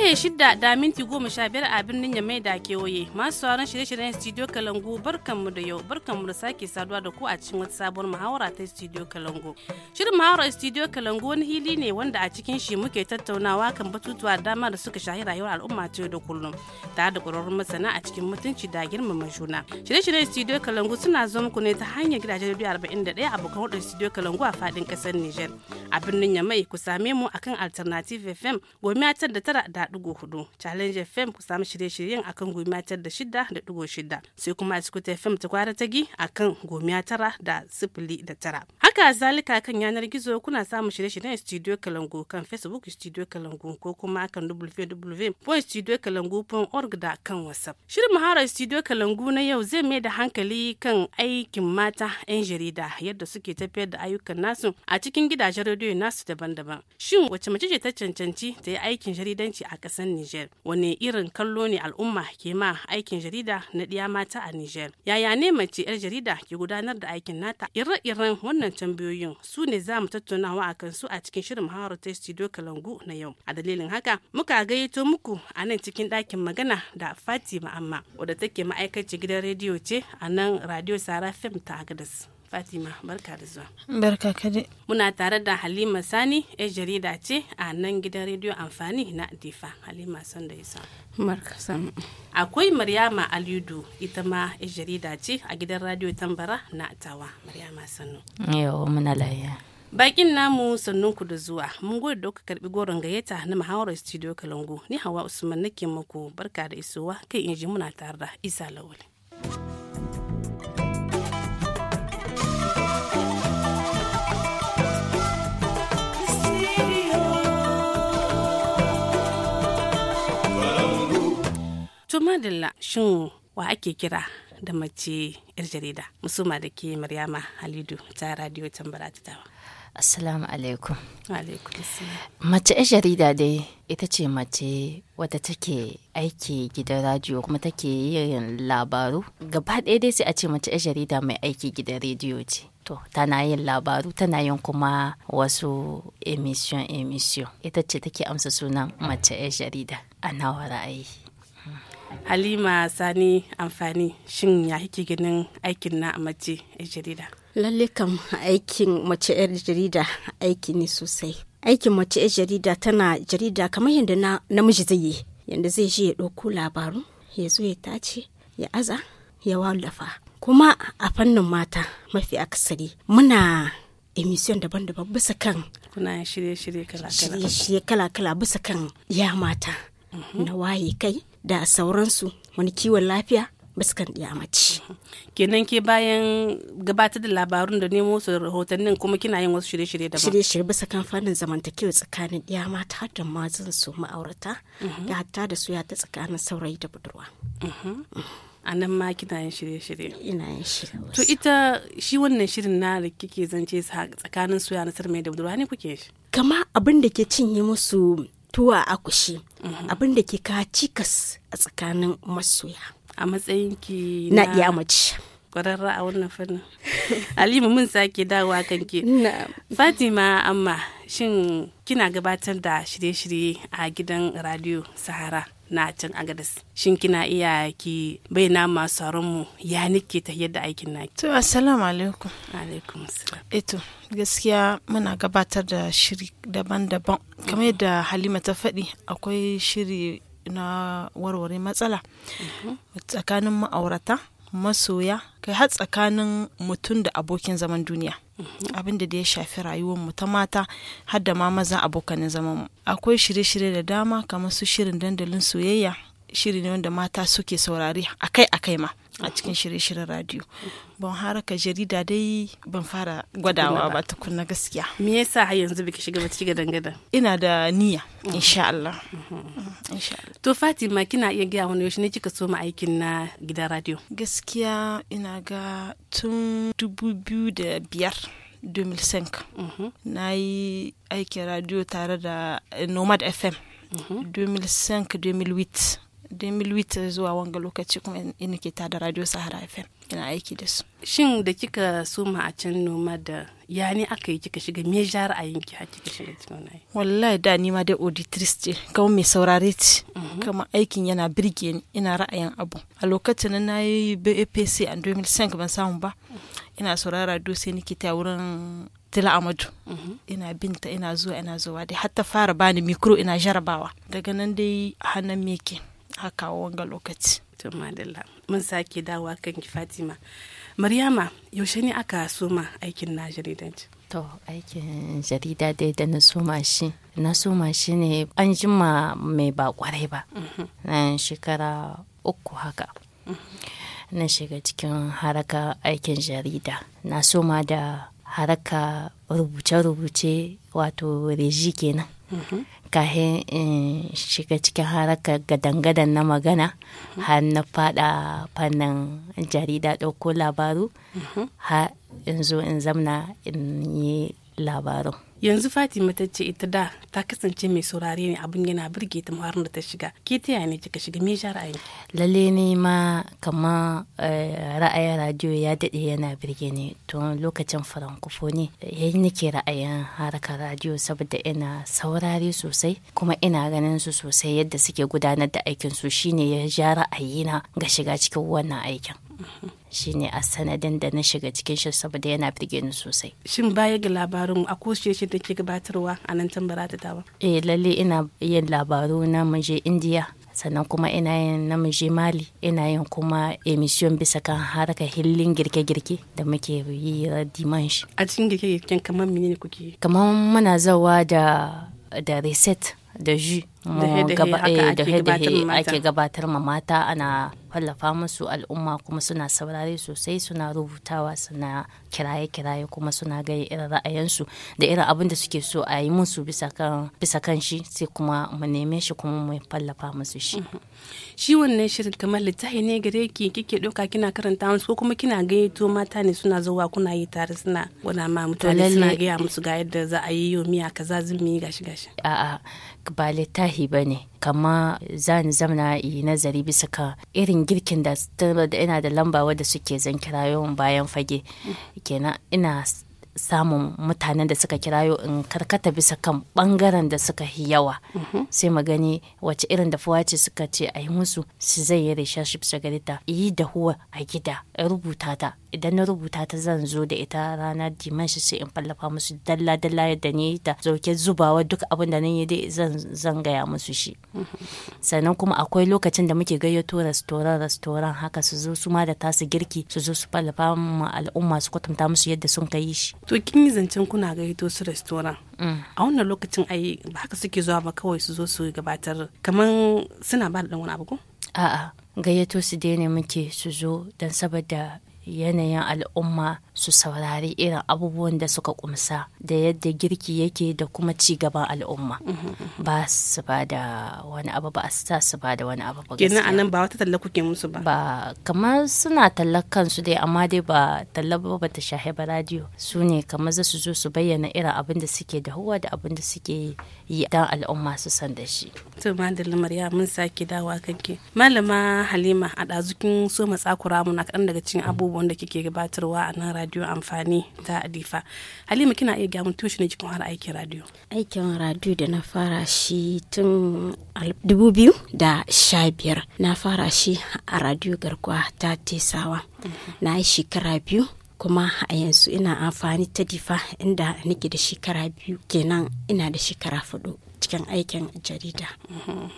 karhe shida da minti goma sha biyar a birnin Yamai da kewaye masu sauran shirye-shiryen studio Kalangu barkanmu da yau barkanmu da sake saduwa da ku a cikin wata sabuwar muhawara ta studio Kalangu. Shirin muhawarar studio Kalangu wani hili ne wanda a cikin shi muke tattaunawa kan batutuwa dama da suka shahi rayuwar al'umma ta da kullum tare da ƙwararrun masana a cikin mutunci da girmama juna. Shirye-shiryen studio Kalangu suna zo muku ne ta hanyar gidajen radio 41 abokan hudun studio Kalangu a faɗin ƙasar Nijar. A birnin Yamai ku same mu akan Alternative FM goma da tara da 101.4 challenge fm ku samu shirye-shiryen akan gomiya tara da shida da digo shida sai kuma a cikin fm ta kwara ta gi akan gomiya tara da sifili da tara haka zalika kan yanar gizo kuna samun shirye-shiryen studio kalangu kan facebook studio kalangu ko kuma kan www.studiokalangu.org da kan whatsapp shirin muharar studio kalangu na yau zai mai da hankali kan aikin mata 'yan jarida yadda suke tafiyar da ayyukan nasu a cikin gidajen rediyo nasu daban-daban shin wace mace ce ta cancanci ta yi aikin jaridanci a ƙasar Nijar. Wane irin kallo ne al'umma ke ma aikin jarida na ɗiya mata a Nijar? Yaya ne mace 'yar jarida ke gudanar da aikin nata? Ire-iren wannan tambayoyin su ne za mu tattaunawa a kansu a cikin shirin Mahawar ta Studio Kalangu na yau. A dalilin haka muka gayyato muku a nan cikin ɗakin magana da Fatima Amma wadda take ma'aikaci gidan rediyo ce a nan Radio Sara Fem ta Agadas. Fatima barka da zuwa. Barka kade. Muna tare da Halima Sani, yar jarida ce a nan gidan rediyo amfani na Difa. Halima son da isa. Barka samu. Akwai Maryama Alidu ita ma ya jarida ce a gidan radio Tambara na Tawa. Maryama Sanu. Yau muna laya. Bakin namu sannun ku da zuwa. Mun gode da kuka karbi goron gayyata na muhawarar studio Kalangu. Ni Hawa Usman nake muku barka da isowa kai inji muna tare da Isa Lawal. to madalla shin wa ake kira da mace yar jarida musuma da ke maryama halidu ta radio tambara ta tawa assalamu alaikum mace yar jarida dai ita ce mace wadda take aiki gidan radio kuma take yin labaru gaba ɗaya dai sai a ce mace yar jarida mai aiki gidan radio ce to tana yin labaru tana yin kuma wasu emission emission ita ce take amsa sunan mace yar jarida a nawa ra'ayi halima sani amfani shin ya kike ganin aikin na mace a jarida lalle kam aikin mace yar jarida aiki ne sosai aikin mace yar jarida tana jarida kamar yadda na namiji zai yi yadda zai je ya ɗauko labaru ya zo ya tace ya aza ya wallafa kuma a fannin mata mafi akasari muna emission daban-daban bisa kan kuna shirye-shirye kala-kala bisa kan ya mata mhm. na waye kai da sauransu wani kiwon lafiya baskan iya mace. kenan ke bayan gabatar da labarun da nemo su rahotannin kuma kina yin wasu shirye-shirye daban shirye-shirye bisa kan fannin zamantakewa tsakanin iya mata da mazan su ma'aurata mhm. da hatta da suya ta tsakanin saurayi da budurwa mhm. a nan ma kina yin shirye-shirye ina yin shirye to ita shi wannan shirin na da kike zance tsakanin suya na sarmai da budurwa ne kuke shi kama abin da ke cinye musu tuwa akushi Mhm. abin da ke ka cikas a tsakanin masoya a matsayin ki na iya mace kwararra a wannan fannin alimu mun sake dawowa ke fatima amma shin kina gabatar da shirye-shirye a gidan radio sahara na can agadas shin kina iya ki bayyana masu mu ya nike ta yadda aikin naki to assalamu alaikum alaikum eto eh gaskiya muna gabatar da shiri daban-daban kamar yadda halima ta faɗi akwai shiri na warware matsala mhm. tsakanin ma'aurata masoya kai har tsakanin mutum da abokin zaman duniya abin da ya shafi rayuwar mu ta mata har da ma maza abokanin zaman mu akwai shirye-shirye da dama kamar su shirin dandalin soyayya shiri ne wanda mata suke saurari akai akai ma a cikin shirye-shiryen radio ban haraka jarida dai ban fara gwadawa ba tukuna gaskiya me yasa har yanzu biki shiga bata shiga dangada ina da niyya insha Allah mm-hmm. insha Allah to Fatima kina iya gaya wani yaushe ne kika so aikin na gidan radio gaskiya ina ga tun dubu biyu da biyar 2005 mm-hmm. na yi aikin radio tare da nomad fm 2005-2008 mm-hmm. 2008 zuwa wanga lokaci kuma ina ke da radio sahara fm ina aiki da su shin da kika suma a can noma da ya ne aka yi kika shiga me ja ra'ayinki har kika shiga cikin wani wallahi da ni ma dai auditrice ce kawo mai saurare ce mhm. kama aikin yana birge ni ina ra'ayin abu a lokacin na yi bapc a 2005 ban samu ba mhm. ina saurara radio sai nake ta wurin Tila Amadu. Mhm. Ina binta ina zuwa ina zuwa dai hatta fara bani mikro ina jarabawa. Daga nan dai hannun meke. a kawo wanga lokaci to madalla mun sake kan ki fatima maryama yaushe ne aka soma aikin na jaridanci to aikin jarida dai da na soma shi na soma shi ne an jima mai ba kwarai ba mhm. na shekara uku haka mhm. na shiga cikin haraka aikin jarida na soma da haraka rubuce-rubuce wato reji kenan kahin in eh, shiga cikin haraka gadangadan na magana har na fada fannin jarida ɗauko labaru mhm. har in zo in zamna in yi labarun yanzu fatima ta ce ita da ta kasance mai saurare ne abin yana birge ta har da ta shiga ke ta yaya ne kika shiga me ja ra'ayi lalle ne ma kamar eh, ra'ayin radio ya daɗe yana birge ne tun lokacin farankufoni yayi eh, nake ra'ayin harkar radio saboda ina saurare sosai kuma ina ganin su sosai yadda suke gudanar da aikin su shine ya ja ra'ayina ga shiga cikin wannan aikin mhm. shi ne a sanadin da na shiga cikin shi saboda yana birge ni sosai shin baya ga labarin a ko shi da ke gabatarwa a nan tambara ta tawa eh lalle ina yin labaru na muje indiya sannan kuma ina yin namiji mali ina yin kuma emission bisa kan haraka hillin girke-girke da muke yi dimanche. a cikin girke-girken kamar menene kuke kamar muna zawa da da reset da jus. da he eh, ake gabatar ma mata ana fallafa musu al'umma kuma suna saurare sosai suna rubutawa suna kiraye-kiraye kuma suna gaya irin ra'ayansu da irin abin da suke so a yi musu bisa kan shi sai kuma mu neme shi kuma mu fallafa musu shi shi wannan shirin kamar littafi ne gare ki kike doka kina karanta musu ko kuma kina gayyato mata ne suna zuwa kuna yi tare suna wana ma mutane suna gaya musu ga yadda za a yi yomi a kaza zumi gashi gashi a'a ba littafi littahi ba ne kama za ni zamna yi nazari bisa ka irin girkin da ina da lamba wadda suke zan kirayo bayan fage kenan ina samun mutanen da suka kirayo in karkata bisa kan bangaren da suka yi yawa sai magani wace irin da ce suka ce a yi musu su zai yi bisa garita yi da huwa a gida rubuta ta idan na rubuta ta zan zo da ita ranar dimanshi sai in fallafa musu dalla dalla yadda ni ta zauke zubawa duk abin da nan yi dai zan zan gaya musu shi sannan kuma akwai lokacin da muke gayyato restoran restoran haka su zo su ma da tasu girki su zo su fallafa ma al'umma su kwatanta musu yadda sun ka yi shi to kin yi zancen kuna gayyato su restoran mm. a wannan lokacin ai ba haka suke zuwa ba kawai su zo su gabatar kamar suna ba da wani abu ko a'a gayyato su ne muke su zo don saboda يا الأمة su saurari irin abubuwan da suka kumsa da yadda girki yake da kuma ci gaban al'umma ba su ba da wani abu ba a sa su ba da wani abu ba gaskiya anan ba wata talla kuke musu ba ba kamar suna tallar kansu dai amma dai ba talla ba ba ta shahe ba radio su ne kamar za su zo su bayyana irin abin da suke da huwa da abin da suke yi dan al'umma su san da shi to madalla maryam mun sake dawa kanke malama halima a dazukin so matsakura na kadan daga cikin abubuwan da kike gabatarwa a nan radio radio amfani ta adifa halima kina iya gyamun tushe ne cikin har aikin radio aikin radio da na fara shi tun biyu da sha biyar na fara shi a radio garkuwa ta tesawa mhm. na yi shekara biyu kuma a yanzu ina amfani ta difa inda nake da shekara biyu kenan ina da shekara fudu cikin aikin jarida mhm.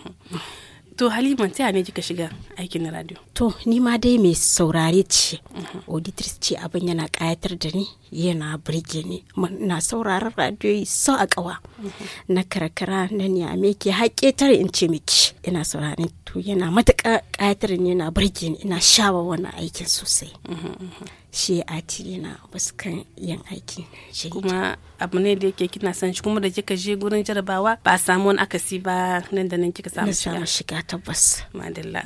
To Halima ta ne kika shiga aikin radio? To ni ma dai mai saurare ce. Mhm. Auditrice ce abin yana kayatar da ni yana burge ni. Na sauraron radiyoyi sau a kawa. na karkara na niyame ke haƙe tare in ce miki ina sauraron to yana matuƙa ƙayatar yana burge ni ina shawa wannan aikin sosai shi a na wasu kan yin aiki kuma abu ne da yake kina san shi kuma da kika je gurin jarabawa ba a samu wani akasi ba nan da nan kika samu shiga na shiga tabbas madalla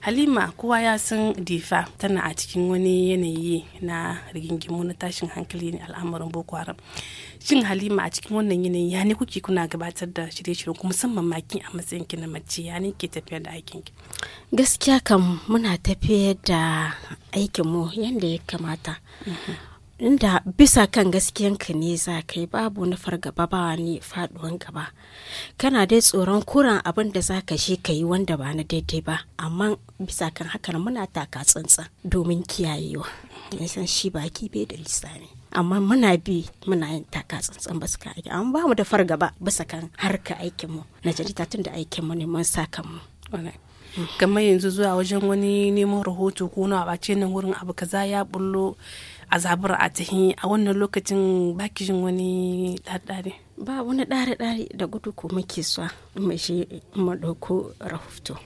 halima kowa ya san difa tana a cikin wani yanayi na rigingimu na tashin hankali ne al'amarin boko haram shin halima a cikin wannan yanayin ya ne kuke kuna gabatar da shirye shirye ku musamman maki a matsayin ki na mace ya ne ke tafiyar da aikin ki gaskiya kam muna tafiyar da aikin mu yanda ya kamata mhm. inda bisa kan ka ne za ka yi babu na fargaba ba ni faduwan gaba kana dai tsoron kuran abin da za ka shi ka yi wanda ba na daidai ba amma bisa kan hakan muna taka tsantsan domin kiyayewa san shi baki bai da ne. amma muna bi muna yin taka tsantsan ba su aiki amma ba mu da fargaba bisa kan harka aikinmu mu na jarida tun da aikin mu ne mun kan mu hmm. kamar yanzu zuwa wajen wani neman rahoto ko na ɓace nan wurin abu kaza ya bullo a zabura a tahi a wannan lokacin baki jin wani ɗaɗɗare ba wani ɗare ɗari da gudu ko muke sa mashi maɗauko rahoto.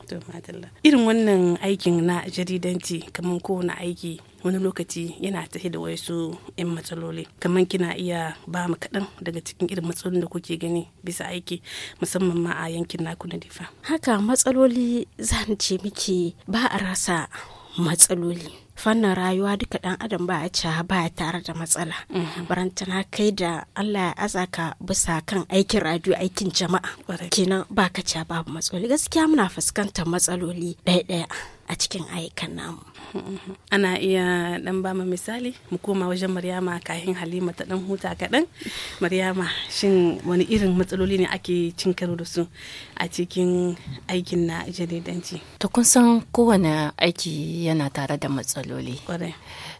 Irin wannan aikin na jaridanci kamar kowane aiki wani lokaci yana tafi da wasu 'yan matsaloli kamar kina iya ba mu kaɗan daga cikin irin matsalolin da kuke gani bisa aiki musamman ma a yankin naku na difa. Haka matsaloli zan ce miki ba a rasa matsaloli fannin rayuwa duka dan adam ba a ci ba tare da matsala mhm. barantana kai da Allah ya azaka bisa kan aikin radio aikin jama'a kenan ba ka ci babu matsaloli gaskiya muna fuskantar matsaloli ɗaya-ɗaya a cikin ayyukan namu mhm. ana iya dan ba mu misali mu koma wajen maryama kahin halima ta dan huta kaɗan maryama shin wani irin matsaloli ne ake cin karo da su a cikin aikin na jaridanci to kun san kowane aiki yana tare da matsaloli matsaloli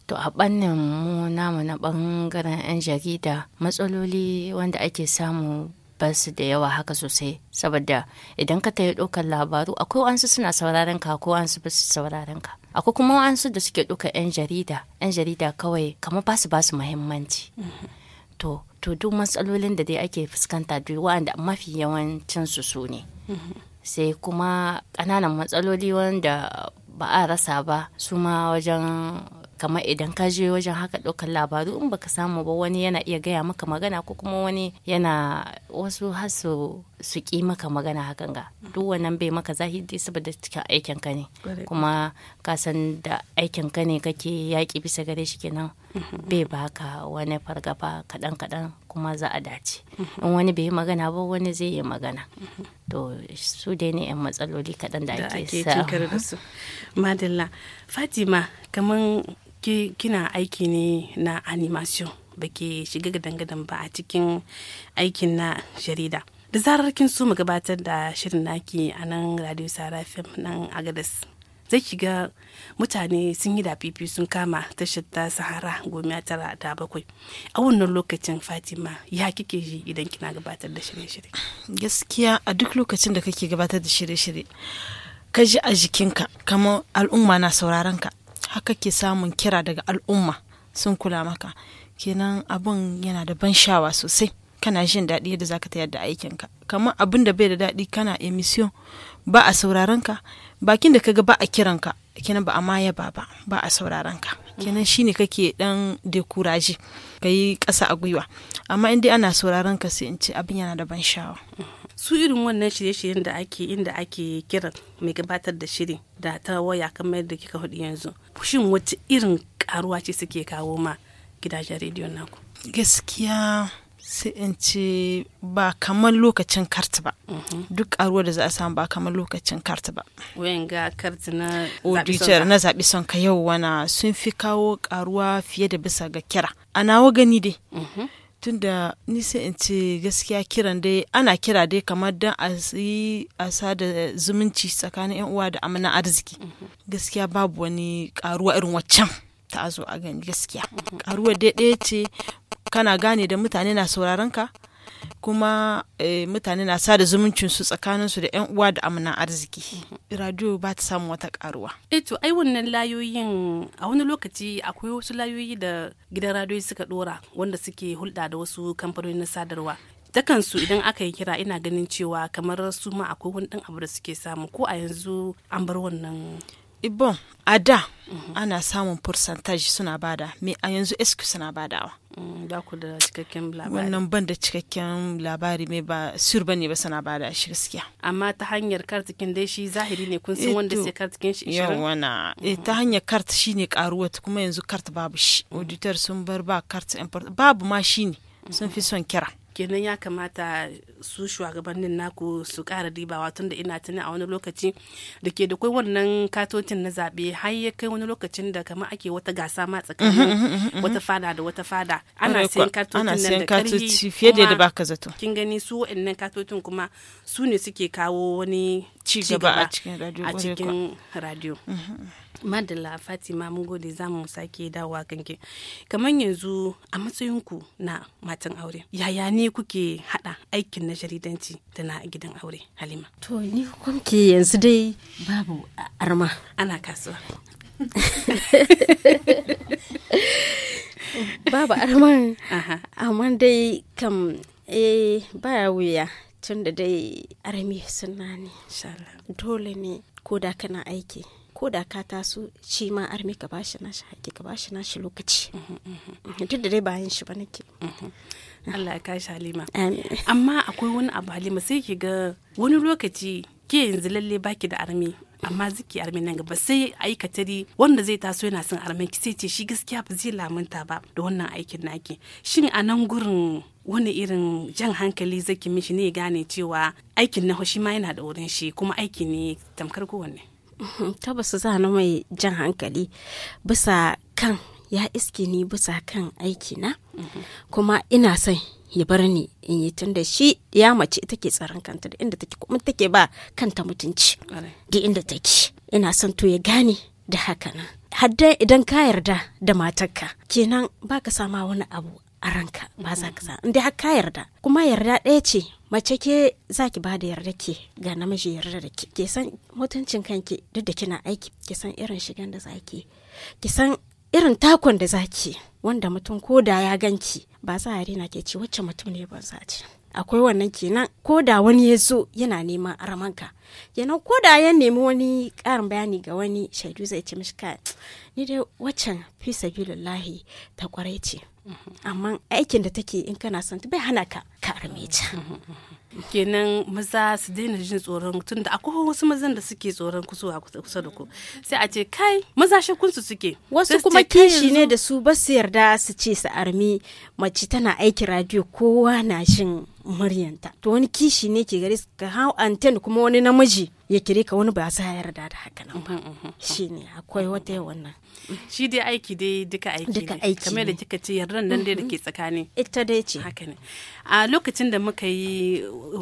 to a bannin mu namu na ɓangaren 'yan jarida matsaloli wanda ake samu basu da yawa haka sosai saboda idan ka tayi ɗaukar labaru akwai wansu suna sauraron ka ko wansu ba su sauraron ka akwai kuma wansu da suke ɗaukar 'yan jarida 'yan jarida kawai kamar basu basu muhimmanci mm-hmm. to to duk matsalolin da dai ake fuskanta duk wanda mafi yawancin su su ne mm-hmm. sai kuma ƙananan matsaloli wanda ba a rasa ba su ma wajen kamar idan ka je wajen haka ɗaukar labaru in baka samu ba wani yana iya gaya maka magana ko kuma wani yana wasu hasu su maka magana hakan ga duk wannan bai maka zahiri saboda cikin aikin ka ne kuma ka san da aikin ka ne kake yaƙi bisa gare shi kenan mhm. bai baka wani fargaba kaɗan kaɗan kuma za a dace mhm. in wani bai yi magana ba wani zai yi magana to su dai ne yan matsaloli kaɗan da ake sa madalla fatima kamar kina aiki ne na animation ba ke shiga gadan-gadan ba a cikin aikin na jarida da zarar kin so mu gabatar da shirin naki a nan radio sarafim nan agadas zai shiga mutane sun yi dafifi sun kama tashar ta sahara goma tara da bakwai a wannan lokacin fatima ya kike ji idan kina gabatar da shirye-shirye gaskiya a duk lokacin da kake gabatar da shirye-shirye ka ji a jikinka kamar al'umma na sauraron ka haka ke samun kira daga al'umma sun kula maka kenan abun yana da ban shawa sosai kana jin daɗi yadda zaka ta yadda aikinka kamar abin da bai da daɗi kana emission ba a sauraron ka bakin da ka ga ba a kiran ka kenan ba a ma yaba ba ba a sauraron ka kenan shine kake dan dekuraje ka yi ƙasa a gwiwa amma in dai ana sauraron ka sai in ce abin yana da ban sha'awa su irin wannan shirye-shiryen da ake inda ake kiran mai gabatar da shiri da ta waya kamar da kika hudu yanzu shin wata irin karuwa ce suke kawo ma gidajen rediyon naku gaskiya sai in ce ba kamar lokacin karti ba mhm. duk karuwa da za a samu ba kamar lokacin karti ba wayan ga karti na auditor na zaɓi son ka yau wana sun fi kawo karuwa fiye da bisa ga kira a nawa gani dai mhm. tunda ni sai in ce gaskiya kiran dai ana kira dai kamar don a yi asa da zumunci tsakanin yan uwa da amana arziki mhm. gaskiya babu wani karuwa irin waccan ta zo a gani gaskiya karuwa dai ce kana gane da mutane na sauraron ka kuma eh, mutane na sada tsakanin su da 'yan uwa da amina arziki radio ba ta samu wata karuwa eto eh ai wannan layoyin a wani lokaci akwai wasu layoyi da gidan radio suka dora wanda suke hulɗa da wasu kamfanoni na sadarwa su idan aka yi kira ina ganin cewa kamar su ma akwai wani abu da suke samu ko a yanzu an bar wannan Ibon, eh, a da ana samun percentage suna bada, me a yanzu SQ suna badawa. da ku da cikakken labari. Wannan ban da cikakken labari mai ba sur bane ba suna bada shi gaskiya. Amma ta hanyar kartikin dai shi zahiri ne kun san wanda sai kartikin shi ishirin. Yawana, mm. eh, ta hanyar kart shi ne karuwa kuma yanzu kart babu shi. Mm. Auditor sun bar ba kart import babu ma shi ne sun fi son kira. kenan ya kamata su shugabannin naku su kara dibawa tun da ina tuni a wani lokaci da ke da kai wannan katotin na zaɓe har ya kai wani lokacin da kamar ake wata gasa ma mhm, tsakanin mhm, mhm, wata fada da wata fada ana sayan katotin nan da ƙarfi fiye da baka zato kin gani su wa'annan katotin kuma su ne suke kawo wani ci gaba a cikin radio a cikin radio madalla fatima mun gode za mu sake dawowa kanke kamar yanzu a matsayinku na matan aure yaya ne kuke hada aikin na jaridanci da na gidan aure halima to ni kwamke yanzu dai babu arma ana kasuwa babu arman amma dai kam eh baya wuya tun da dai arami suna ne dole ne ko da kana aiki ko da ka taso shi ma armi ka bashi nashi haƙi ka bashi nashi lokaci mhm, mhm. Mhm, duk da dai bayan shi ba nake Allah ya kashi halima amma akwai wani abu halima sai ki ga wani lokaci ke yanzu lalle baki da armi amma ziki armi nan gaba sai aikatari wanda zai taso yana son armi ki sai ce shi gaskiya ba zai lamunta ba da wannan aikin naki shin a nan gurin wani irin jan hankali zaki mishi ne gane cewa aikin na shi ma yana da wurin shi kuma aiki ne tamkar kowanne tabbas na mai jan hankali bisa kan ya iske ni bisa kan aiki na kuma ina son ya bar ni in yi tun da shi ya mace ita ke tsaron kanta da inda take kuma take ba kanta mutunci da inda take ina son to ya gane da haka nan hadda idan ka yarda da matarka kenan ba ka sama wani abu a ranka ba za ka sa inda ka yarda kuma yarda ɗaya ce mace ke za ki bada yarda ke ga namiji yarda da ke san mutuncin kanki duk da kina aiki ki san irin shigan da za ki ki san irin takon da zaki wanda mutum ko da ya ganki ba za a rina ke ci wacce mutum ne ban zaci akwai wannan kenan ko da wani ya zo yana neman aramanka kenan ko da ya nemi wani karin bayani ga wani shaidu zai ci mishi kai ni dai waccan fi sabilillahi ta kwarai ce amma aikin da take in kana son bai hana ka ka kenan maza su daina jin tsoron tunda akwai wasu mazan da suke tsoron kusuwa kusa da ku sai a ce kai maza shakunsu suke wasu kuma kishi ne da su ba su yarda su ce su armi mace tana aiki radio kowa na shin muryanta to wani kishi ne ke gare ka hau anten kuma wani namiji ya kire ka wani ba sa yarda da haka nan ba mm-hmm, mm-hmm, mm-hmm. shine akwai wata wannan shi dai aiki dai duka aiki duka aiki kamar da kika ce yardan nan dai da ke mm-hmm. tsakani ita dai ce haka ne a lokacin da muka yi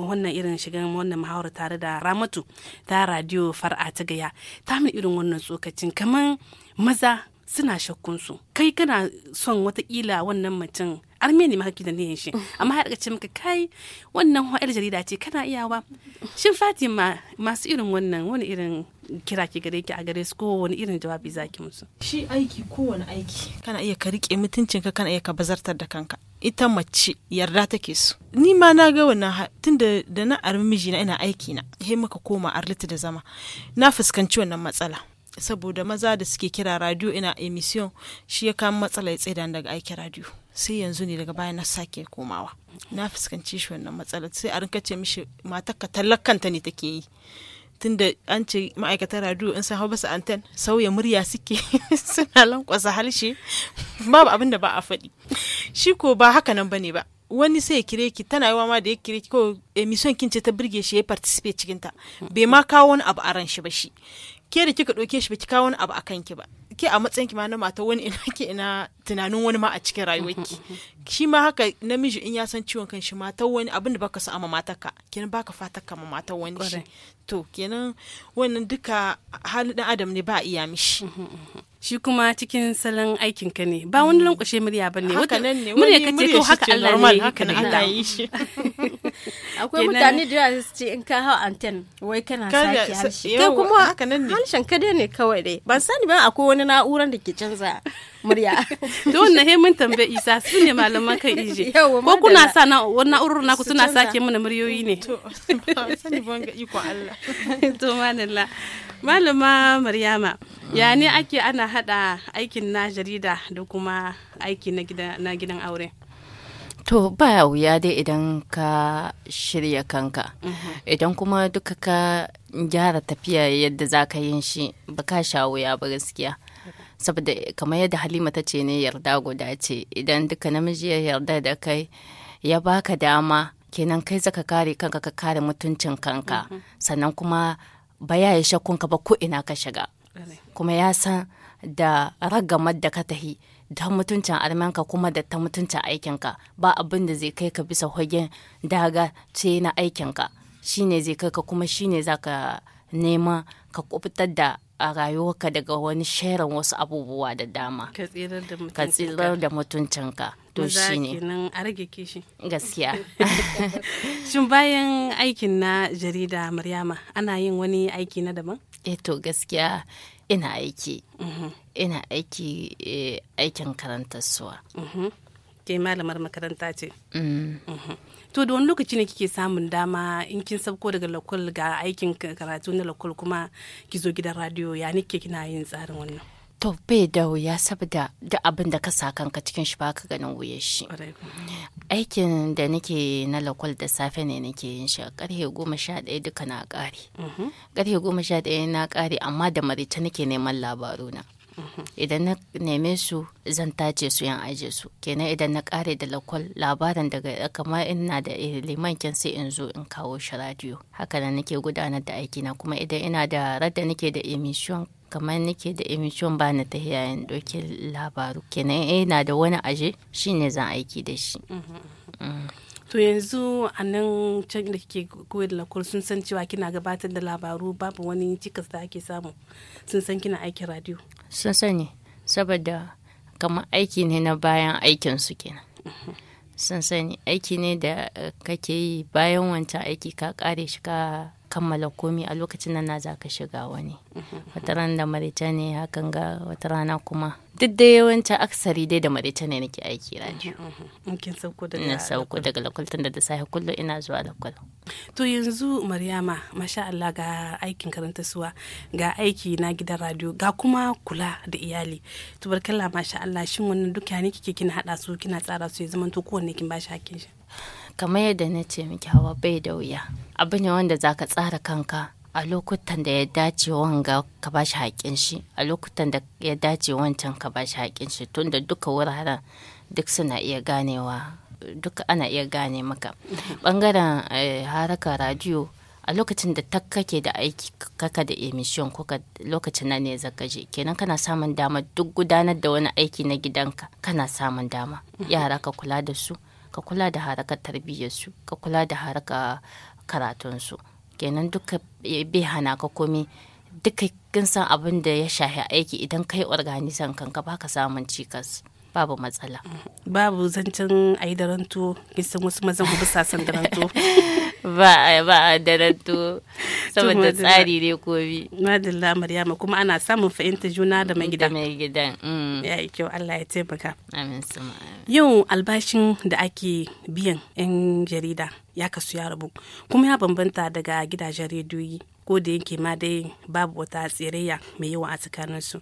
wannan irin shigan wannan muhawara tare da ramatu ta radio far'a ta gaya ta min irin wannan tsokacin kamar maza suna shakkunsu kai kana son watakila wannan mutum arme ne maka da niyan shi amma har ce maka kai wannan yar jarida ce kana iyawa shin fatima masu irin wannan wani irin kira ki gare ki a gare su ko wani irin jawabi zaki musu shi aiki ko wani aiki kana iya ka rike mutuncinka kana iya ka bazartar da kanka ita mace yarda take su ni ma na ga wannan tun da na armi na ina aiki na he maka koma arlita da zama na fuskanci wannan matsala saboda maza da suke kira radio ina emission shi ya kama matsala ya tsaye daga aiki radio sai yanzu ne daga baya na sake komawa na fuskanci shi wannan matsalar sai a rinka ce mishi ka tallakanta ne take yi tunda an ce ma'aikatar radio in san hau basu anten sauya murya suke suna lankwasa harshe babu abin da ba a faɗi shi ko ba haka nan bane ba wani sai ya kire ki tana yawa ma da ya kire ki ko emission kin ce ta birge shi ya participate cikin ta bai ma kawo wani abu a ran shi ba shi ke da kika ɗauke shi baki kawo wani abu a kanki ba ke a matsayin ki ma na mata wani ina ke ina tunanin wani ma a cikin rayuwarki shi ma haka namiji in ya san ciwon kan shi mata wani abin da baka sa ama ka kenan baka fatar ka mata wani shi to kenan wannan duka halin dan adam ne ba iya mishi mhm, mhm. shi kuma cikin salon aikin ka ne ba wani mm. lankwashe murya ba ne murya ka ce to haka Allah ne haka ne Allah yi shi akwai mutane da su ce in ka hau anten wai kana saki harshe kai kuma harshen ka ne kawai dai ban sani ba akwai wani na'urar da ke canza murya to wannan he mun tambaye Isa su ne malaman kan ije ko kuna sa na wannan na'urar naku suna sake mana muryoyi ne to sani ban ga iko Allah to madalla malama maryama ya ne ake ana hada aikin na jarida da kuma aiki na gidan aure to ba wuya dai idan ka shirya kanka mhm. idan kuma duka ka gyara tafiya yadda za ka yin shi ba ka sha wuya ba gaskiya saboda kamar yadda halima ta ce ne yarda guda ce idan duka namiji ya yarda da kai ya baka dama kenan kai zaka kare kanka ka kare mutuncin kanka mhm. sannan kuma ba ya yi ka ba ko ina ka shiga kuma ya san da ragamar da ka tahi da mutuncin armenka kuma da ta mutuncin aikinka ba abin da zai kai ka bisa hagen daga ce na aikinka shi ne zai kai ka kuma shi ne za ka nema ka kubutar da a rayuwarka daga wani sharan wasu abubuwa da dama ka tsirar da mutuncinka to shi ne a rage kishi gaskiya shin bayan aikin na jarida maryama ana yin wani aiki na daban eh to gaskiya ina aiki mm-hmm. ina aiki eh, aikin karanta suwa mm-hmm. ke malamar makaranta ce mm. mm-hmm. to da wani lokaci ne kike samun dama in kin sabko daga lakul ga aikin karatu na lakul kuma ki zo gidan radio ya nike kina yin tsarin wannan to bai da wuya saboda da abin da ka sa kanka cikin shi baka ganin wuya shi aikin da nake na lakwal da safe ne nake yin shi karhe goma sha ɗaya duka na ƙare mm-hmm. karfe goma sha ɗaya na ƙare amma da marita nake neman labaruna mm-hmm. idan na neme su zan tace su yan aje su kenan idan na ƙare da lakwal labarin daga kama ina da liman limankin sai in zo in kawo shi radiyo haka nake gudanar da aiki na kuma idan ina da radda nake da emission kamar nake da emission ba na tahiya yin labaru kenan eh, na da wani aje shine zan aiki da shi mm. to yanzu a nan can da kike koyar da lakwar sun san cewa kina gabatar da labaru babu wani cikas da ake samu sun san kina aikin radio sun sani saboda kamar aiki ne na bayan aikin su kenan mm-hmm. sun sani aiki ne da kake yi bayan wancan aiki ka kare shi ka kammala komi a lokacin nan na za ka shiga wani wata ran da marita ne hakan ga wata rana kuma duk da yawancin aksari dai da marita ne nake aiki radio mm-hmm. kin sauko daga na sauko daga lakwaltin da da safe kullum ina zuwa lakwal to yanzu maryama masha Allah ga aikin karanta suwa ga aiki na gidan radio ga kuma kula da iyali to barkalla masha Allah shin wannan duka ne kike kina hada su kina tsara su ya zama to kowanne kin bashi hakkin shi kamar yadda na ce miki hawa bai da wuya abu ne wanda za ka tsara kanka a lokutan da ya dace wanga ka ba shi haƙin shi a lokutan da ya dace wancan ka ba shi haƙin shi tunda duka wuraren duk suna iya ganewa duka ana iya gane maka bangaren eh, haraka radiyo a lokacin da tak kake da aiki kaka da emission ko ka lokacin nan ne zaka je kenan kana samun dama duk gudanar da wani aiki na gidanka kana samun dama yara ka kula da su ka kula da harakar tarbiyyarsu ka kula da haraka karatunsu kenan duka bai hana ka komi duka kinsan abin da ya shahi aiki idan kai organizan kanka baka samun cikas babu matsala babu zancen a yi daranto kisan wasu mazan ku bisa san daranto ba ba a daranto saboda tsari ne ko bi madalla maryama kuma ana samun fahimta juna da mai gidan mai gidan mm. ya yi kyau Allah ya taimaka amin sama yau albashin da ake biyan yan jarida ya kasu ya rabu kuma ya bambanta daga gidajen rediyoyi ko da yake ma dai babu wata tsirayya mai yawa a tsakanin su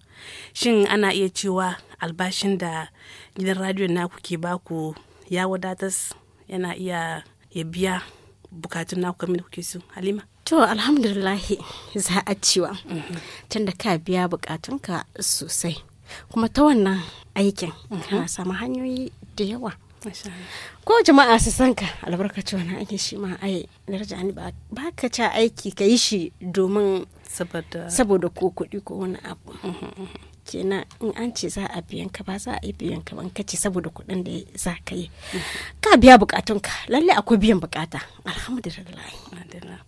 shin ana iya cewa albashin da gidan radiyon naku ke baku ya wadatas yana iya ya biya bukatun naku kamar da kuke su halima to alhamdulillahi za a cewa mm ka biya bukatunka sosai kuma ta wannan aikin mhm. kana samu hanyoyi da yawa ko jama'a su san ka albarkaci wani ake shi ma ai daraja ni ba ka ca aiki ka yi shi domin saboda ko kuɗi ko wani abu kenan in an ce za a biyan ka ba za a yi biyan ka ban kace saboda kuɗin da za ka yi ka biya bukatun ka lalle akwai biyan bukata alhamdulillah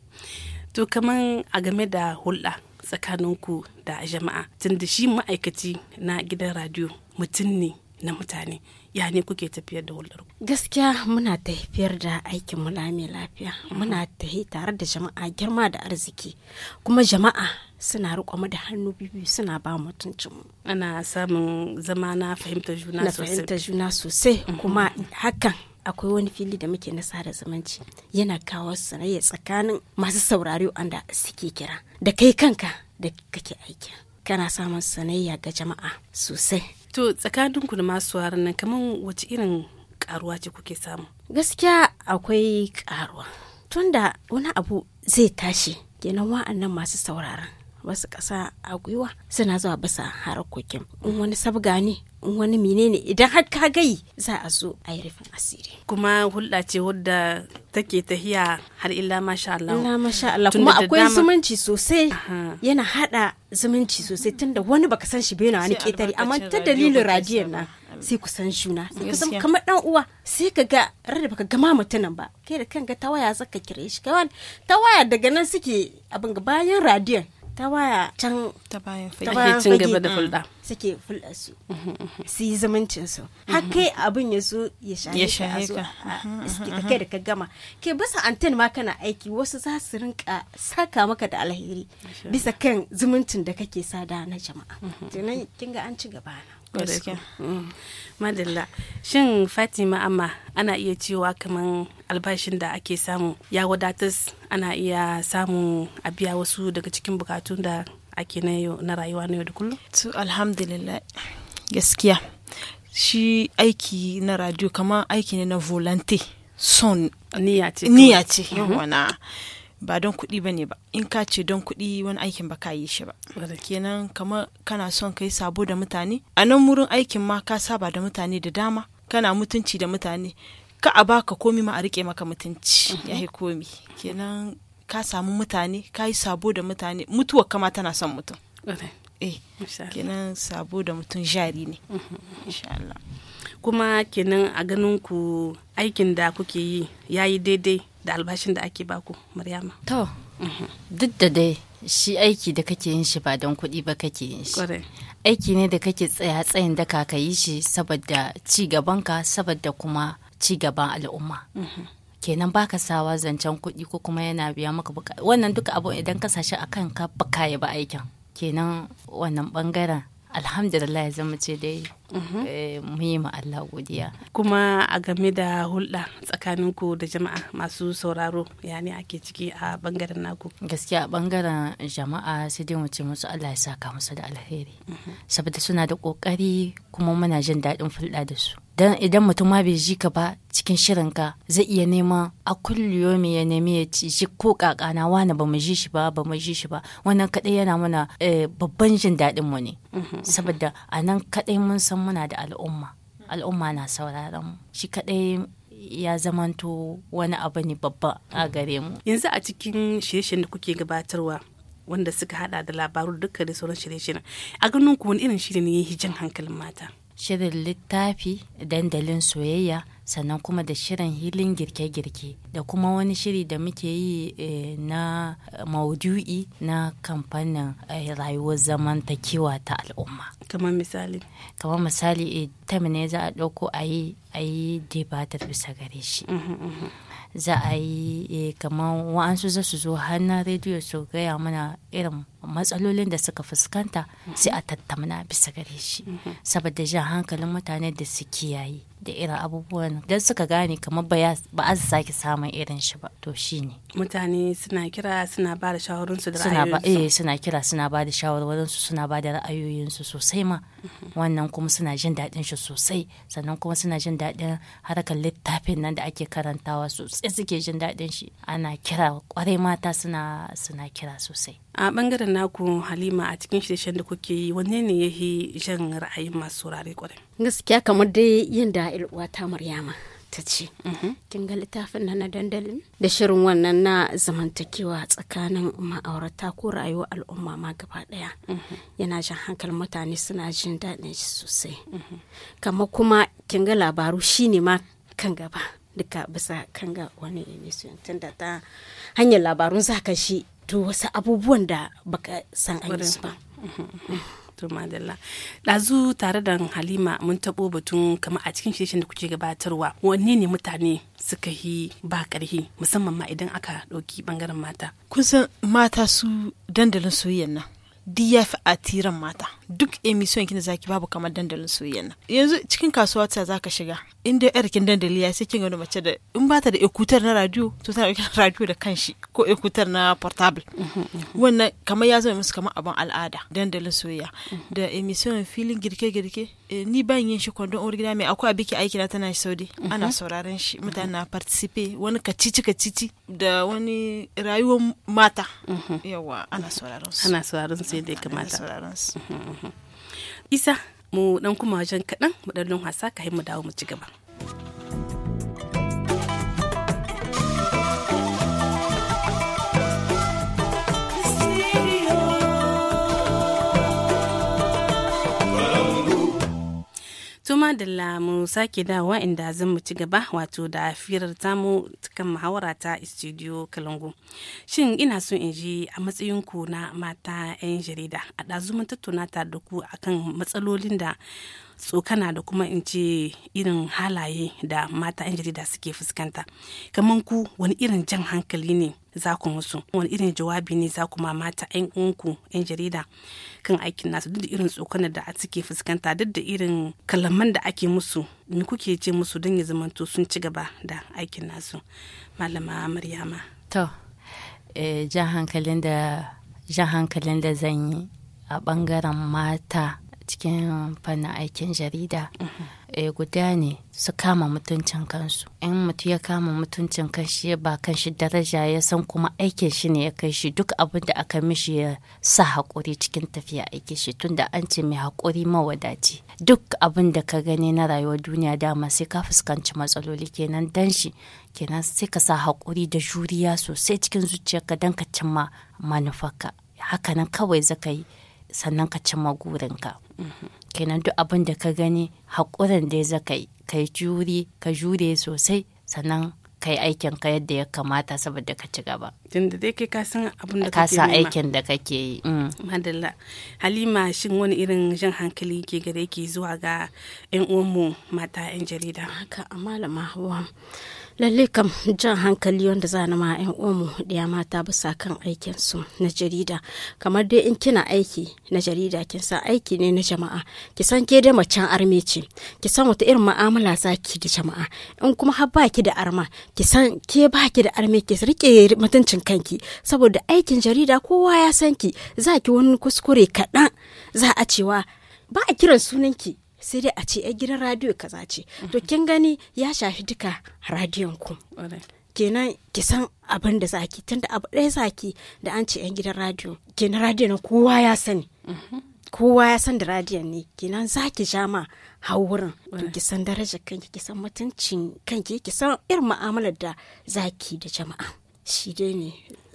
to kaman a game da hulɗa tsakaninku da jama'a tunda shi ma'aikaci na gidan radio mutum ne na mutane ya ne kuke tafiyar da hulɗar gaskiya muna tafiyar da aikin mula mai lafiya muna tahi tare da jama'a girma da arziki kuma jama'a suna riƙo da hannu biyu suna ba mutuncin mu ana samun zama na fahimta juna sosai na fahimta juna sosai kuma hakan akwai wani fili da muke na sada zumunci yana kawo sanayya tsakanin masu saurari wanda suke kira da kai kanka da kake aiki kana samun sanayya ga jama'a sosai to tsakaninku da masu nan kamar wace irin karuwa ce kuke samu gaskiya akwai karuwa tunda wani abu zai tashi kenan wa'annan masu sauraron wasu ƙasa a gwiwa suna zuwa basa harkokin in wani sabga ne in wani menene idan har ka gai za a zo a yi rufin asiri kuma hulɗa ce wadda take tahiya har illa masha Allah illa masha Allah kuma akwai zumunci sosai yana hada zumunci sosai tunda wani baka san shi bai na wani ketare amma ta dalilin radiyon na sai ku san shuna sai kamar dan uwa sai ka ga rada baka gama mutunan ba kai da kanka ta waya zaka kire shi kai ta waya daga nan suke abin bayan radiyon ta baya can ta bayan fage gaba da fulɗa mm. suke fulɗa su mm-hmm. su yi zumuncin su mm-hmm. har kai abin ya so ya shaye ka a mm-hmm, kai da ka gama ke bisa antin ma kana aiki wasu za su rinka saka maka da alheri bisa kan zumuncin da kake sada na jama'a tunan kin ga an ci gaba na Mm. madalla shin fatima amma ana iya cewa kamar albashin da ake samu ya wadatar ana iya samun a biya wasu daga cikin bukatu da ake na rayuwa na yau da kullum to alhamdulillah gaskiya shi aiki na radio kama aiki ne na volante son niya ce niya ce mm-hmm. ba don kuɗi ba ne ba in ka ce don kuɗi wani aikin ba ka yi shi ba kenan kamar kana son kai sabo da mutane a nan wurin aikin ma ka saba da mutane da dama kana mutunci da mutane ka a baka komi ma a rike maka mutunci mhm. ya yi komi kenan ka samu mutane ka yi sabo da mutane mutuwa kama tana son mutum eh kenan sabo da mutum jari ne mhm. kuma kenan a ganin ku aikin da kuke yi ya yi daidai da albashin da ake baku maryama to mhm. duk da dai shi aiki da kake yin shi ba don kuɗi ba kake yin shi aiki ne da kake tsaya tsayin da ka yi shi saboda ci gabanka saboda kuma ci gaban al'umma mhm. kenan baka sawa zancen kuɗi ko kuma yana biya maka buka wannan duka abu idan ka sashi akan ka baka ba aikin kenan wannan bangaren alhamdulillah ya zama ce dai mhm. eh, muhimmi Allah godiya kuma a game da hulɗa tsakaninku da jama'a masu sauraro ya ne ake ciki a bangaren naku gaskiya a bangaren jama'a sai dai wace musu Allah ya saka musu da alheri mhm. saboda suna da kokari kuma muna jin daɗin hulɗa da su don idan mutum ma bai ji ka ba cikin shirin ka zai iya neman a mai ya nemi ya ci shi ko kakana wani ba mu ji shi ba ba mu ji shi ba wannan kadai yana mana eh, babban jin daɗin mu ne mm-hmm, mm-hmm. saboda a nan kadai mun san muna da al'umma al'umma na sauraron mu shi kadai ya zamanto wani abu ne babba a gare mu yanzu a cikin shirye-shiryen da kuke gabatarwa wanda suka hada da labaru dukkan da sauran shirye-shiryen a ganin ku wani irin shirye ne ya jan hankalin mata shirin littafi dandalin soyayya sannan kuma da shirin hilin girke-girke da kuma wani shiri da muke yi eh, na maudu'i na kamfanin eh, rayuwar zamantakewa ta al'umma kamar misali kamar misali eh, ta ne za a ɗauko a yi debatar bisa gare shi za a yi eh, kamar wa'ansu za su zo har na rediyo su gaya mana irin matsalolin da suka fuskanta sai a tattamna bisa gare shi mm-hmm. saboda jan hankalin mutane da su kiyaye da irin abubuwan don suka gane kamar ba a sake samun irin shi ba to shi ne mutane suna kira suna ba da shawarunsu da ra'ayoyinsu eh, suna kira suna ba da shawarwarinsu suna ba da ra'ayoyinsu sosai ma mhm. wannan kuma suna jin daɗin shi sosai sannan kuma suna jin daɗin harkar littafin nan da ake karantawa sosai suke jin daɗin shi ana kira kwarai mata suna suna kira sosai a bangaren naku halima a cikin shirye da kuke yi wanne ne ya yahi jan ra'ayin masu saurare kwarai gaskiya kamar dai yadda ta maryama ta ce mhm. kin ga littafin na dandalin da shirin wannan na zamantakewa tsakanin ma'aurata ko rayuwar al'umma ma gaba daya mhm. yana jan hankali mutane suna jin daɗin shi sosai mhm. kamar kuma kin ga labaru shine ma kan gaba duka bisa kan ga wani emission tunda ta hanyar labarun zaka shi to wasu abubuwan da baka san an ba. to madalla ɗazu tare da halima mun taɓo batun kama a cikin shirin da kuke gabatarwa wanne ne mutane suka yi ba ƙarhi musamman ma idan aka ɗauki bangaren mata kusan mata su dandalin soyayyan nan DF a tiran mata duk emission kina zaki babu kamar dandalin soyayya yanzu cikin kasuwa ta zaka shiga in dai yarkin dandali ya sai kin wani mace da in ba ta da ekutar na radio to tana ɗauki radio da kanshi ko ekutar na portable mhm, mhm. wannan kamar ya zama musu kamar abin al'ada dandalin soyayya da emission filin girke-girke eh, ni ban yin shi kwandon uwar gida mai akwai biki aiki na tana saudi mhm. ana sauraron shi mutane na participe wani kacici kacici da wani rayuwar mata yawa ana sauraron su ana sauraron su yadda ya kamata isa mu dan kuma wajen kaɗan mu dan lunhasa ka mu dawo mu ci gaba. Tuma da mu sake wa inda zan mu ci gaba wato da firar tamu kan muhawara ta studio Kalangu. Shin ina so in ji a matsayin ku na mata 'yan jarida a ɗazu mun tattauna ta da ku akan matsalolin da tsokana da kuma in ce irin halaye da mata 'yan jarida suke fuskanta kamar ku wani irin jan hankali ne za ku musu wani irin jawabi ne za ku ma mata 'yan unku 'yan jarida kan aikin nasu duk da irin tsokana da suke fuskanta duk da irin kalaman da ake musu ni kuke ce musu don ya zamanto sun ci gaba da aikin nasu malama maryama to eh, jan hankalin da jan hankalin da zan yi a bangaren mata cikin fannin aikin jarida mhm. eh, guda ne su kama mutuncin kansu in mutum ya kama mutuncin kanshi ba kan shi daraja ya san kuma aikin shi ne ya kai shi duk abin da aka mishi ya sa haƙuri cikin tafiya aikin shi tunda an ce mai haƙuri mawadaci duk abin da ka gani na rayuwar duniya dama sai ka fuskanci matsaloli kenan dan shi kenan sai ka sa haƙuri da juriya sosai cikin zuciyarka dan ka cimma manufarka hakanan kawai zaka yi sannan ka cimma magurinka. kenan duk abin da ka gani haƙurin da za ka yi ka juri ka jure sosai sannan kai aikin ka yadda ya kamata saboda ka ci gaba. Tunda dai ka san abin da kake Ka san aikin da kake yi. Mm. Madalla. Halima shin wani irin jan hankali ke gare ke zuwa ga 'yan uwanmu mata 'yan jarida. Haka amma lalle kam jan hankali wanda za na ma mu da ɗaya mata bisa kan aikinsu na jarida kamar dai in kina aiki na jarida kin san aiki ne na jama'a ki san ke da macen arme ce ki san wata irin ma'amala za ki da jama'a in kuma har ba ki da arma ki san ke ba ki da arme ki rike mutuncin kanki saboda aikin jarida kowa ya san ki za ki wani kuskure kaɗan za a cewa ba a kiran sunanki sai dai a ce a gidan radiyo kaza ce to kin gani ya shafi duka radiyon ku kenan ki san abin da zaki tunda abu ɗaya zaki da an ce yan gidan radiyo kenan radiyon kowa ya sani mm-hmm. kowa ya san da radiyon ne kenan zaki ki sha ma haurin ki san darajar kanki ki san mutuncin kanki ki san irin mu'amalar da zaki da jama'a shi dai ne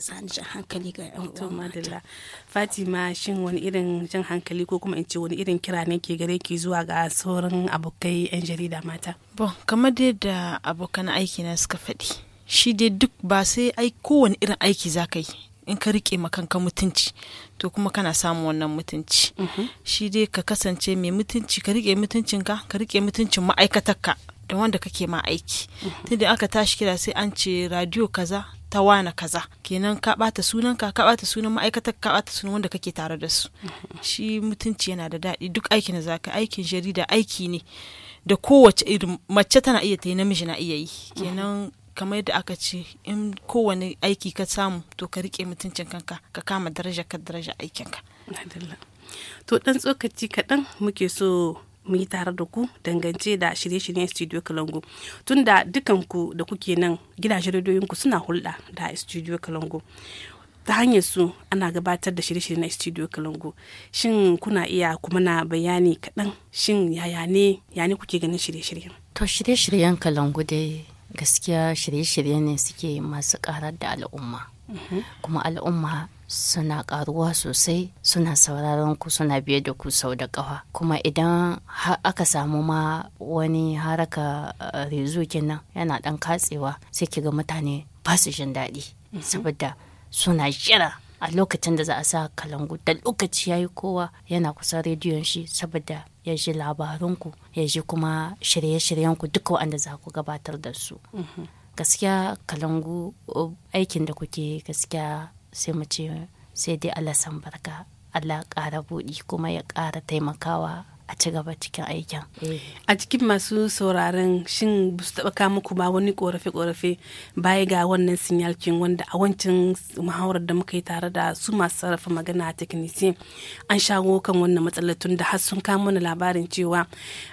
zan jan hankali ga yan uwa fatima shin wani irin jan hankali ko kuma in ce wani irin kira ne ke gare ki zuwa ga sauran abokai yan jarida mata bon kamar dai da abokan aiki na suka faɗi shi dai duk ba sai ai kowane irin aiki za ka yi in ka rike kanka mutunci to kuma kana samun wannan mutunci mhm. shi dai ka kasance mai mutunci ka rike mutuncinka ka rike mutuncin ma'aikatarka da wanda kake ma aiki mhm. tunda aka tashi kira sai an ce radio kaza ta wana kaza kenan ka bata sunan ka ka bata sunan ma'aikatar ka bata sunan wanda kake tare da su shi mutunci yana da daɗi duk aikin da zaka aikin jarida aiki ne da kowace irin mace tana iya ta yi namiji na iya yi kenan kamar yadda aka ce in kowane aiki ka samu to ka rike mutuncin kanka ka kama daraja ka daraja aikinka to dan tsokaci kaɗan muke so mu yi tare da ku dangance da shirye-shiryen studio kalango tunda ku da kuke nan gidajen ku suna hulɗa da studio kalango ta hanyar su ana gabatar da shirye-shirye na studio kalango shin kuna iya kuma na bayani kaɗan shin yaya ne ya ne kuke ganin shirye-shiryen to shirye-shiryen kalango dai gaskiya shirye-shirye ne suke masu karar da al'umma mhm. kuma al'umma suna karuwa sosai suna sauraron ku suna biye da ku sau da kafa kuma idan aka samu ma wani haraka eh, rezu kenan yana dan katsewa sai ki ga mutane ba su jin daɗi mhm. saboda suna jira a lokacin da za a sa kalangu da lokaci ya yi kowa yana kusan rediyon shi saboda ya ji labarunku ya ji kuma shirye shiryen ku duka waɗanda za ku gabatar da su mhm. gaskiya kalangu eh, aikin da kuke gaskiya sai mu ce sai dai Allah san barka Allah ƙara buɗi kuma ya ƙara taimakawa a ci gaba cikin aikin. A cikin masu sauraron shin su taɓa ka muku ba wani ƙorafe-ƙorafe baya ga wannan sinyalkin wanda a wancan muhawarar da muka yi tare da su masu sarrafa magana a teknisi an shago kan wannan matsalar tun da har sun kama mana labarin cewa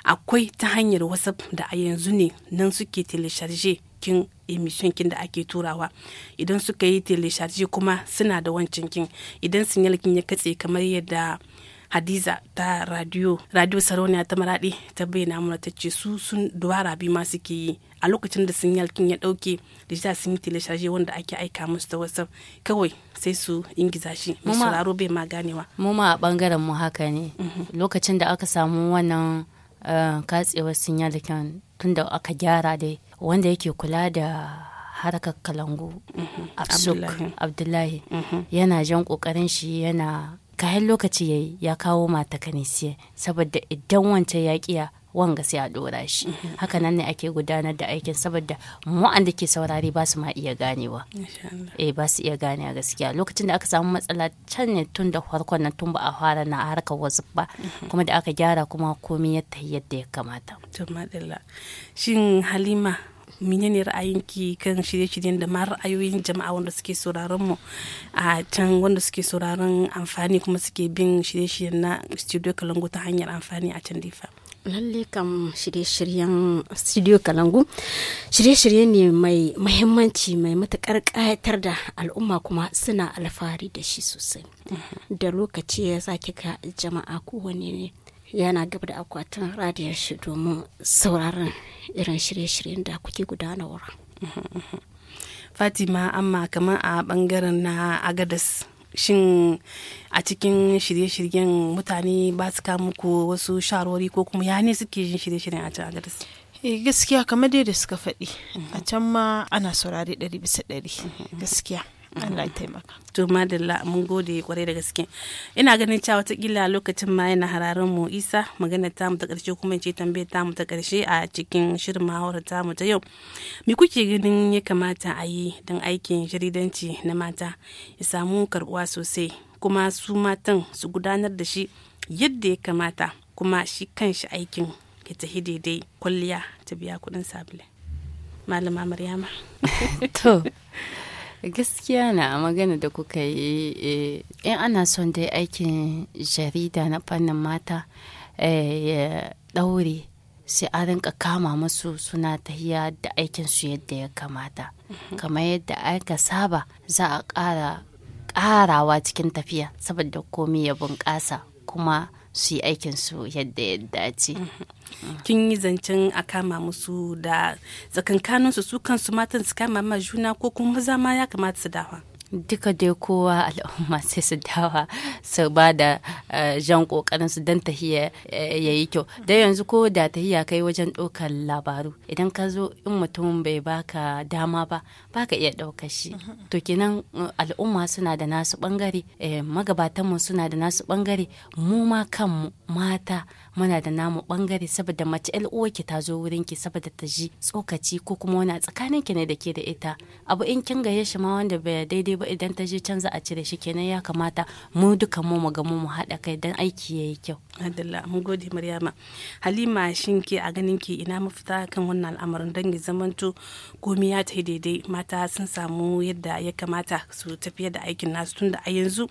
akwai ta hanyar wasap da a yanzu ne nan suke telecharge. cikin emission kin da ake turawa idan suka yi telecharge kuma suna da wancan kin idan sinyal kin ya katse kamar yadda hadiza ta radio radio sarauniya ta maradi ta bayyana mana ta ce su sun duwara bi ma suke yi a lokacin da sinyal kin ya dauke digital sun yi wanda ake aika musu ta whatsapp kawai sai su ingiza shi mai sauraro bai ma ganewa mu ma a bangaren mu haka ne mhm. lokacin da aka samu wannan eh, katsewar sinyal kin tunda aka gyara dai wanda yake kula da harkar kalangu mhm. abdullahi mhm. yana jan kokarin shi yana kayan lokaci ya ya kawo mata kanisiye saboda idan wancan ya kiya wanga sai a dora shi mhm. haka ne ake gudanar da aikin saboda wa'anda ke saurari ba su ma iya ganewa eh ba su iya ganewa gaskiya lokacin da aka samu matsala can ne tun da farkon nan tun ba a fara na harkar wasu ba kuma da aka gyara kuma komai ya yadda ya kamata to madalla shin halima menene ra'ayinki kan shirye-shiryen da ma ra'ayoyin jama'a wanda suke sauraron mu a can wanda suke sauraron amfani kuma suke bin shirye-shiryen na studio kalangu ta hanyar amfani a can difa lalle kam shirye-shiryen studio kalangu shirye-shirye ne mai mahimmanci mai matukar ƙayatar da al'umma kuma suna alfahari da shi sosai mhm. da lokaci ya sake ka jama'a kowane ne yana gaba da akwatin radiyar shi domin sauraron irin shirye-shiryen da kuke gudanarwa. fatima amma kamar a bangaren na agadas shin a cikin shirye-shiryen mutane ba su kama ko wasu sharori ko kuma ya ne suke yin shirye-shiryen a can agadas eh, gaskiya kamar dai da suka faɗi mhm. a can ma ana saurari ɗari bisa ɗari mhm. gaskiya Allah ya taimaka to madalla mun gode kwarai da gaske ina ganin cewa watakila lokacin ma yana hararin mu isa magana ta mu ta karshe kuma ce tambayar ta mu ta karshe a cikin shirin mahawar ta mu ta yau me kuke ganin ya kamata a yi don aikin jaridanci na mata ya samu karbuwa sosai kuma su matan su gudanar da shi yadda ya kamata kuma shi kanshi aikin ya tafi daidai kwalliya ta biya kuɗin sabulai malama maryama to gaskiya na magana da kuka yi eh, in ana son dai aikin jarida na fannin mata eh, ya ɗaure sai a rinka kama musu suna ta tahiya da aikinsu yadda ya kamata mhm. kamar yadda aka saba za a ƙara ƙarawa cikin tafiya saboda komi ya bunƙasa kuma su yi aikin su yadda ya dace kin yi zancen a kama musu da tsakankaninsu su kansu matan su kama ma juna ko kuma maza ma ya kamata su dawa duka dai kowa al'umma sai su dawa su ba da eh, jan kokarin su don tahiya eh, ya yi kyau da yanzu ko da tahiya kai wajen ɗaukar labaru idan ka zo in mutum bai baka dama ba baka iya ɗaukar shi to kenan eh, al'umma suna da nasu bangare magabatanmu suna da nasu bangare mu ma kanmu mata muna da namu bangare saboda mace ki ta zo wurin ki saboda ta ji tsokaci ko kuma wani tsakanin ki ne da ke da ita abu in kin gaye shi ma wanda bai daidai ba idan ta je can za a cire shi kenan ya kamata mu duka mu mu ga mu haɗa kai dan aiki yayi kyau Adalla mu gode Maryama Halima shin ke a ganin ki ina mafita kan wannan al'amarin dan ya zamanto komai ya ta daidai mata sun samu yadda ya kamata su tafiya da aikin nasu tunda a yanzu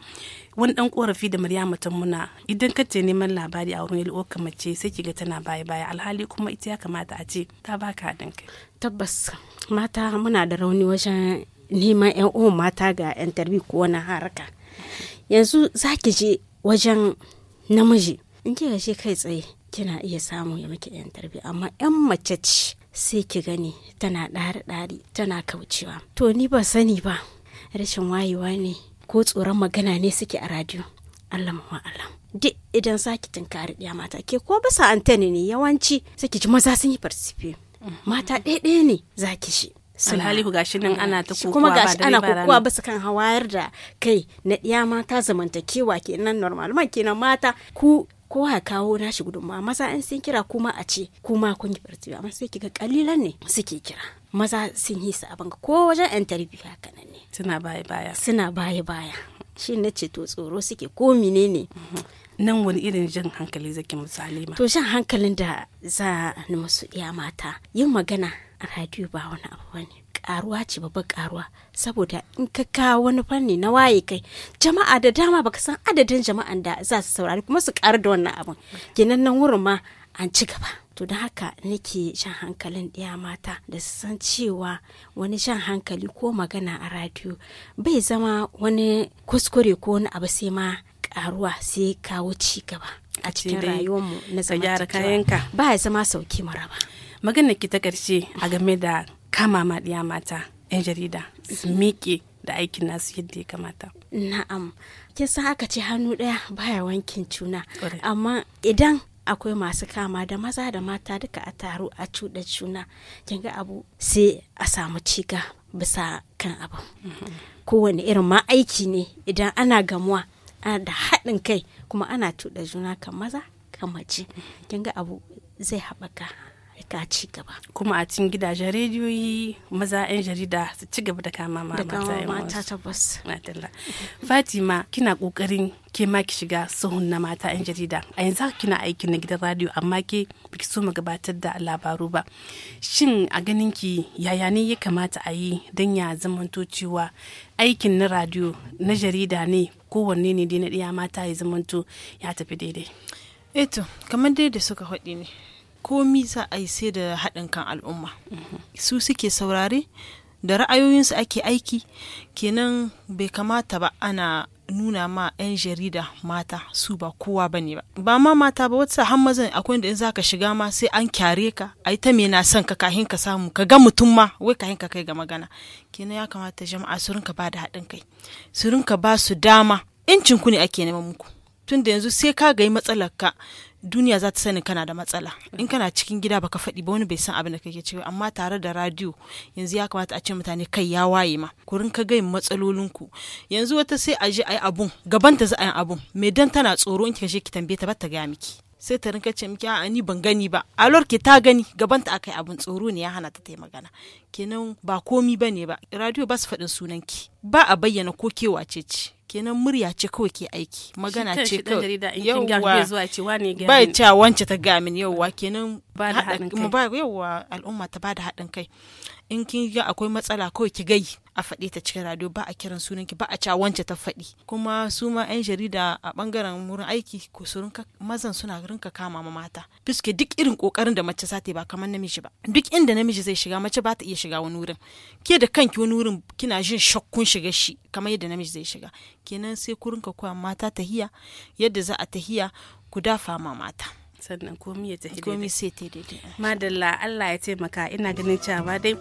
wani dan korafi da Maryama ta muna idan kace neman labari a wurin yalwar mace sai kiga tana baya baya alhali kuma ita ya kamata a ce ta baka haɗin kai tabbas mata muna da rauni wajen neman yan uwan mata ga yan tarbi ko na haraka yanzu zaki je wajen namiji in kika ce kai tsaye kina iya samu ya miki yan tarbi amma yan mace ce sai ki gani tana ɗari ɗari tana kaucewa to ni ba sani ba rashin wayewa ne ko tsoron magana ne suke a radio Allah mu Allah duk idan zaki tunkari ɗaya mata ke ko bisa antenne ne yawanci suke ji maza sun yi participate mm. mata ɗaya ne zaki shi alhalihu gashi nan ana ta kokowa kuma gashi ana kokowa su kan hawayar da kai na ɗiya mata zamantakewa kenan normal man kenan mata ku kowa kawo nashi gudunmawa maza an sun kira kuma a ce kuma kun yi barci amma sai kiga kalilan ne suke kira maza sun yi su ko wajen interview haka nan ne suna baya baya suna baya baya shi na ce to tsoro suke ko menene mhm. nan wani irin jan hankali zaki misali ma. To jan hankalin da za ni musu iya mata yin magana a radio ba wani abu bane. karuwa ce babbar karuwa saboda in ka kawo wani fanni na waye kai jama'a da dama baka san adadin jama'an da za su saurari kuma su karu da wannan abin ginan nan wurin ma an ci gaba to da haka nake shan hankalin ɗaya mata da su san cewa wani shan hankali ko magana a radiyo bai zama wani kuskure ko wani abu sai ma karuwa sai kawo ci gaba a cikin rayuwarmu na zama ba ya zama sauki maraba magana ki ta ƙarshe a game da kama maɗiya mata 'yan jarida su mhm. miƙe da aikin nasu yadda ya kamata. Na'am, kin san aka ce hannu ɗaya baya wankin cuna amma idan akwai masu kama da maza da mata duka a taro a cuɗa juna, kin ga abu sai a samu ciga bisa kan abu. Mhm. Kowane irin ma aiki ne idan ana gamuwa ana da haɗin kai kuma ana cuɗa juna kan maza kan mace, mhm. kin ga abu zai haɓaka ka ci gaba kuma a cikin gidajen rediyoyi maza 'yan jarida su ci gaba da kama ma mata tabbas fatima kina kokarin ke ma ki shiga sahun na mata 'yan jarida a yanzu kina aiki na gidan radio amma ke biki so mu gabatar da labaru ba shin a ganin ki yaya ne ya kamata a yi don ya zamanto cewa aikin na radio na jarida ne kowanne ne dai na ɗiya mata ya zamanto ya tafi daidai eto eh kamar dai da suka haɗi ne komi za a yi sai da haɗin kan al'umma su suke saurare da ra'ayoyinsu ake aiki kenan bai kamata ba ana nuna ma 'yan jarida mata su ba kowa ba ne ba ba ma mata ba wata har mazan akwai da in za ka shiga ma sai an kyare ka ai ta me na son ka kahin ka samu ka ga mutum ma wai kahin ka kai ga magana kenan ya kamata jama'a su rinka ba da haɗin kai su rinka ba su dama yancin ku ne ake neman muku tun da yanzu sai ka ga matsalar ka duniya za ta sani kana da matsala in kana cikin gida baka faɗi ba wani bai san abin da kake cewa amma tare da radio yanzu ya kamata a ce mutane kai ya waye ma ku rinka matsalolin ku yanzu wata sai a je a abun gaban ta za a yi abun me dan tana tsoro in ka je ki tambaye ta ba ta ga miki sai ta rinka ce miki a ni ban gani ba alor ke ta gani gaban ta akai abun tsoro ne ya hana ta ta magana kenan ba komi bane ba radio ba su faɗin sunan ki ba a bayyana ko kewace ce kenan murya ce kawai ke aiki magana ce kawai bai ca wance ta gamin yauwa kenan yawwa al'umma ta bada haɗin kai in kin ga akwai matsala kawai ki gai a faɗe ta cikin radio ba a kiran sunan ki ba a ca wance ta faɗi kuma su ma 'yan jarida a bangaren wurin aiki ko su rinka mazan suna rinka kama ma mata fiske duk irin kokarin da mace za yi ba kamar namiji ba duk inda namiji zai shiga mace ba ta iya shiga wani wurin ke da kanki wani wurin kina jin shakkun shiga shi kamar yadda namiji zai shiga kenan sai ku rinka koya mata tahiya yadda za a tahiya ku dafa ma mata sannan komi ya tafi komi sai ta daidai madalla Allah ya taimaka ina ganin cewa dai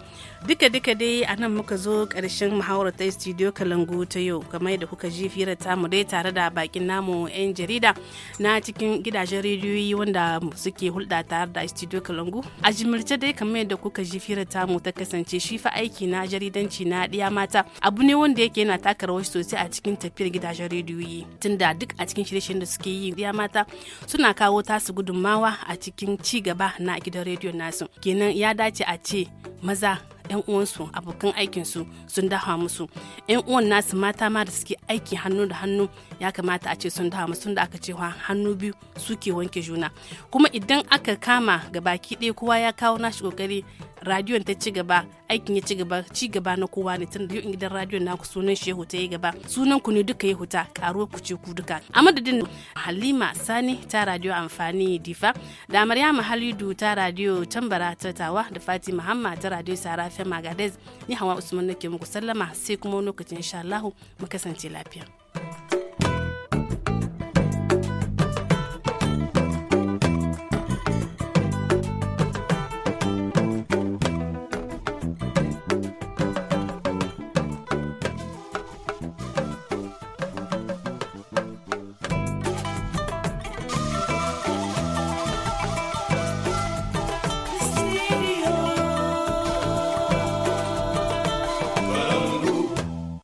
duka duka dai a nan muka zo karshen muhawarar ta studio kalangu ta yau kamar da kuka ji firar tamu dai tare da bakin namu yan jarida na cikin gidajen rediyoyi wanda suke hulɗa tare da studio kalangu a jimirce dai kamar yadda kuka ji firar tamu ta kasance shi fa aiki na jaridanci na ɗiya mata abu ne wanda yake yana taka rawar sosai a cikin tafiyar gidajen rediyoyi tunda duk a cikin shirye-shiryen da suke yi ɗiya mata suna kawo tasu gudu gudunmawa a cikin ci gaba na gidan rediyon nasu kenan ya dace a ce maza 'yan uwansu abokan aikinsu sun dafa musu 'yan uwan nasu mata ma da suke aiki hannu da hannu ya kamata a ce sun dafa musu da aka cewa hannu biyu suke wanke juna kuma idan aka kama ga baki ɗaya kowa ya kawo nashi kokari radiyon ta ci gaba aikin ya ci gaba ci gaba na kowa ne tun da yau gidan radiyon naku sunan shi ta yi gaba sunan ku ne duka ya huta karuwa ku ce ku duka a madadin halima sani ta radiyo amfani difa da maryama halidu ta radiyo tambara ta tawa da fatima hamma ta radiyo sarafi ta Magadez ni Hawa Usman nake muku sallama sai kuma wani lokacin insha Allah mu kasance lafiya.